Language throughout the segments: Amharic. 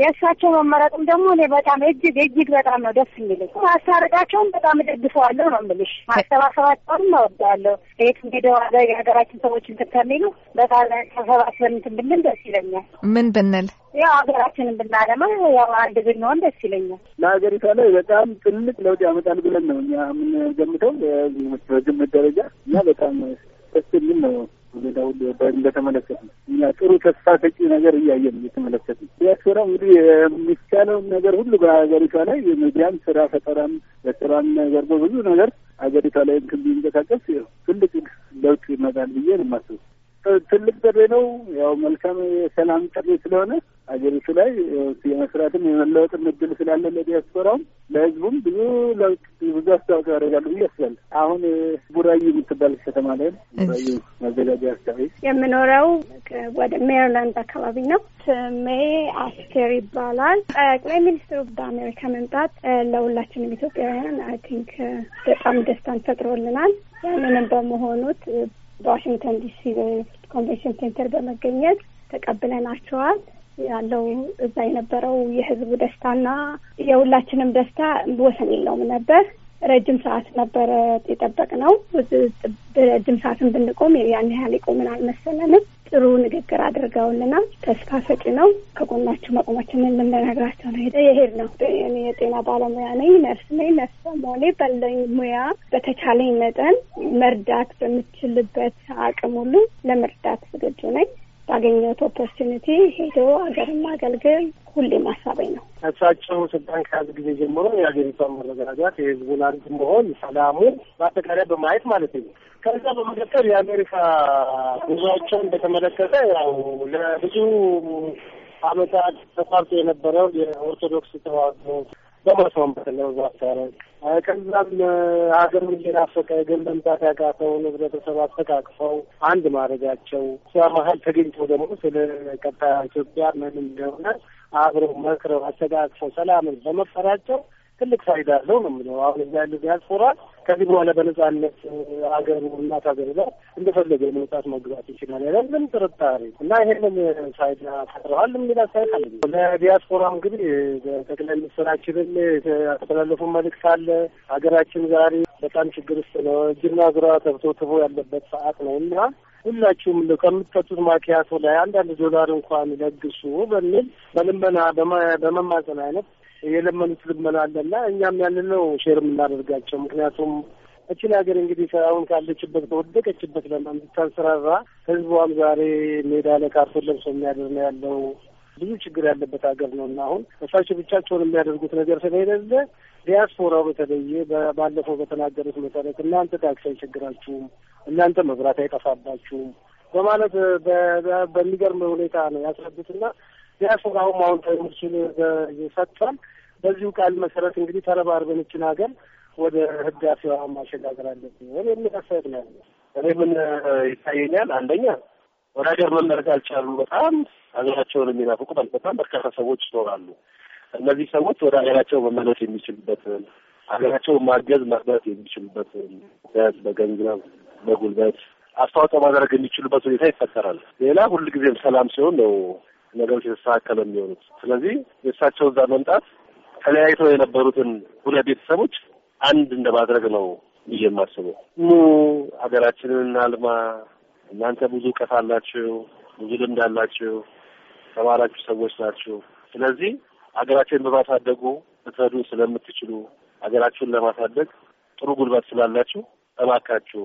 የእሳቸው መመረጥም ደግሞ እኔ በጣም እጅግ እጅግ በጣም ነው ደስ የሚል ማስታረቃቸውን በጣም እደግፈዋለሁ ነው የምልሽ። ማሰባሰባቸውን እወዳለሁ። የት ሄደው የሀገራችን ሰዎች እንትን ከሚሉ በጣም ተሰባስበን እንትን ብንል ደስ ይለኛል። ምን ብንል ያው ሀገራችንን ብናለማ ያው አንድ ብንሆን ደስ ይለኛል። ለሀገሪቷ ላይ በጣም ትልቅ ለውጥ ያመጣል ብለን ነው እኛ የምንገምተው በግምት ደረጃ እና በጣም ደስ የሚል ነው ሁሉ እንደተመለከት ነው ጥሩ ተስፋ ሰጪ ነገር እያየን እየተመለከት ዲያስፖራ እንግዲህ የሚቻለውን ነገር ሁሉ በሀገሪቷ ላይ የሚዲያም ስራ ፈጠራም በስራም ነገር በብዙ ነገር ሀገሪቷ ላይ እንትን ቢንቀሳቀስ ትልቅ ለውጥ ይመጣል ብዬ ነው የማስበው። ትልቅ ጥሪ ነው። ያው መልካም የሰላም ጥሪ ስለሆነ አገሪቱ ላይ የመስራትም የመለወጥም እድል ስላለ ለዲያስፖራውም ለህዝቡም ብዙ ለውጥ ብዙ አስተዋጽኦ ያደርጋሉ ብዬ አስባለሁ። አሁን ቡራዩ የምትባል ከተማ ላይ ቡራዩ መዘጋጃ አካባቢ የምኖረው ወደ ሜሪላንድ አካባቢ ነው። ስሜ አስቴር ይባላል። ጠቅላይ ሚኒስትሩ በአሜሪካ መምጣት ለሁላችንም ኢትዮጵያውያን አይ ቲንክ በጣም ደስታን ፈጥሮልናል። ያንንም በመሆኑት በዋሽንግተን ዲሲ ኮንቬንሽን ሴንተር በመገኘት ተቀብለናቸዋል። ያለው እዛ የነበረው የህዝቡ ደስታና የሁላችንም ደስታ ወሰን የለውም ነበር። ረጅም ሰዓት ነበረ የጠበቅ ነው። ረጅም ሰዓትን ብንቆም ያን ያህል የቆምን አልመሰለንም። ጥሩ ንግግር አድርገውልና ተስፋ ሰጪ ነው። ከጎናችሁ መቆማችንን ልንነግራቸው ነው የሄድ ነው። የጤና ባለሙያ ነኝ፣ ነርስ ነኝ። ነርስ በመሆኔ በለኝ ሙያ በተቻለኝ መጠን መርዳት በምችልበት አቅም ሁሉ ለመርዳት ዝግጁ ነኝ። ባገኘሁት ኦፖርቹኒቲ ሄዶ ሀገርን ማገልገል ሁሌም ሀሳቤ ነው። እሳቸው ስልጣን ከያዙ ጊዜ ጀምሮ የሀገሪቷን መረጋጋት፣ የህዝቡን አንድ መሆን፣ ሰላሙ በአጠቃላይ በማየት ማለት ነው። ከዛ በመቀጠል የአሜሪካ ጉዟቸውን በተመለከተ ያው ለብዙ አመታት ተቋርጦ የነበረው የኦርቶዶክስ ተዋሕዶ በመስማማት ነው ዛሰረን ከዛም ሀገሩን እየናፈቀ ግን መምጣት ያቃተውን ህብረተሰብ አስተቃቅፈው አንድ ማድረጋቸው እሷ መሀል ተገኝተው ደግሞ ስለ ቀጣይ ኢትዮጵያ ምን እንደሆነ አብረው መክረው አስተቃቅፈው ሰላምን በመፈራቸው ትልቅ ፋይዳ አለው ነው የምለው። አሁን እዛ ያሉ ዲያስፖራ ከዚህ በኋላ በነጻነት ሀገሩ እናት ሀገር ጋር እንደፈለገ መውጣት መግባት ይችላል ያለ ምንም ጥርጣሬ እና ይሄንን ፋይዳ ፈጥረዋል የሚል አስተያየት አለ። ለዲያስፖራ እንግዲህ ጠቅላይ ሚኒስትራችንን ያስተላለፉ መልእክት አለ። ሀገራችን ዛሬ በጣም ችግር ውስጥ ነው። እጅና እግሯ ተብቶትቦ ያለበት ሰዓት ነው እና ሁላችሁም ከምትጠጡት ማኪያቶ ላይ አንዳንድ ዶላር እንኳን ለግሱ በሚል በልመና በመማፀን አይነት የለመኑት ልመና አለና እኛም ያንን ነው ሼር የምናደርጋቸው። ምክንያቱም እችን ሀገር እንግዲህ አሁን ካለችበት ከወደቀችበት ለምታንሰራራ ህዝቧም ዛሬ ሜዳ ላይ ካርቶን ለብሶ የሚያድር ነው ያለው። ብዙ ችግር ያለበት ሀገር ነው እና አሁን እሳቸው ብቻቸውን የሚያደርጉት ነገር ስለሌለ ዲያስፖራው በተለየ ባለፈው በተናገሩት መሰረት እናንተ ታክሲ አይቸግራችሁም፣ እናንተ መብራት አይጠፋባችሁም በማለት በሚገርም ሁኔታ ነው ያስረዱትና ያሰራው ማወንታዊ ምችል ሰጥቷል። በዚሁ ቃል መሰረት እንግዲህ ተረባርበን እችን ሀገር ወደ ህዳሴዋ ማሸጋገር አለብን የሚል አስተያየት ነው ያለ። እኔ ምን ይታየኛል፣ አንደኛ ወደ ሀገር መመለስ አልቻሉም። በጣም ሀገራቸውን የሚናፍቁ በጣም በርካታ ሰዎች ይኖራሉ። እነዚህ ሰዎች ወደ ሀገራቸው መመለስ የሚችሉበትን ሀገራቸውን ማገዝ መርዳት የሚችሉበትን በገንዘብ በጉልበት አስተዋጽኦ ማድረግ የሚችሉበት ሁኔታ ይፈጠራል። ሌላ ሁልጊዜም ሰላም ሲሆን ነው ነገሮች የተስተካከለ የሚሆኑት። ስለዚህ የእሳቸው እዛ መምጣት ተለያይተው የነበሩትን ሁለት ቤተሰቦች አንድ እንደማድረግ ነው ብዬ የማስበው። ኑ ሀገራችንን እናልማ፣ እናንተ ብዙ እውቀት አላችሁ፣ ብዙ ልምድ አላችሁ፣ ተማራችሁ ሰዎች ናችሁ። ስለዚህ ሀገራችንን በማሳደጉ ልትረዱ ስለምትችሉ ሀገራችሁን ለማሳደግ ጥሩ ጉልበት ስላላችሁ እባካችሁ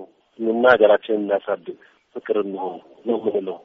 እና ሀገራችንን እናሳድግ፣ ፍቅር እንሆን ነው ምንለው።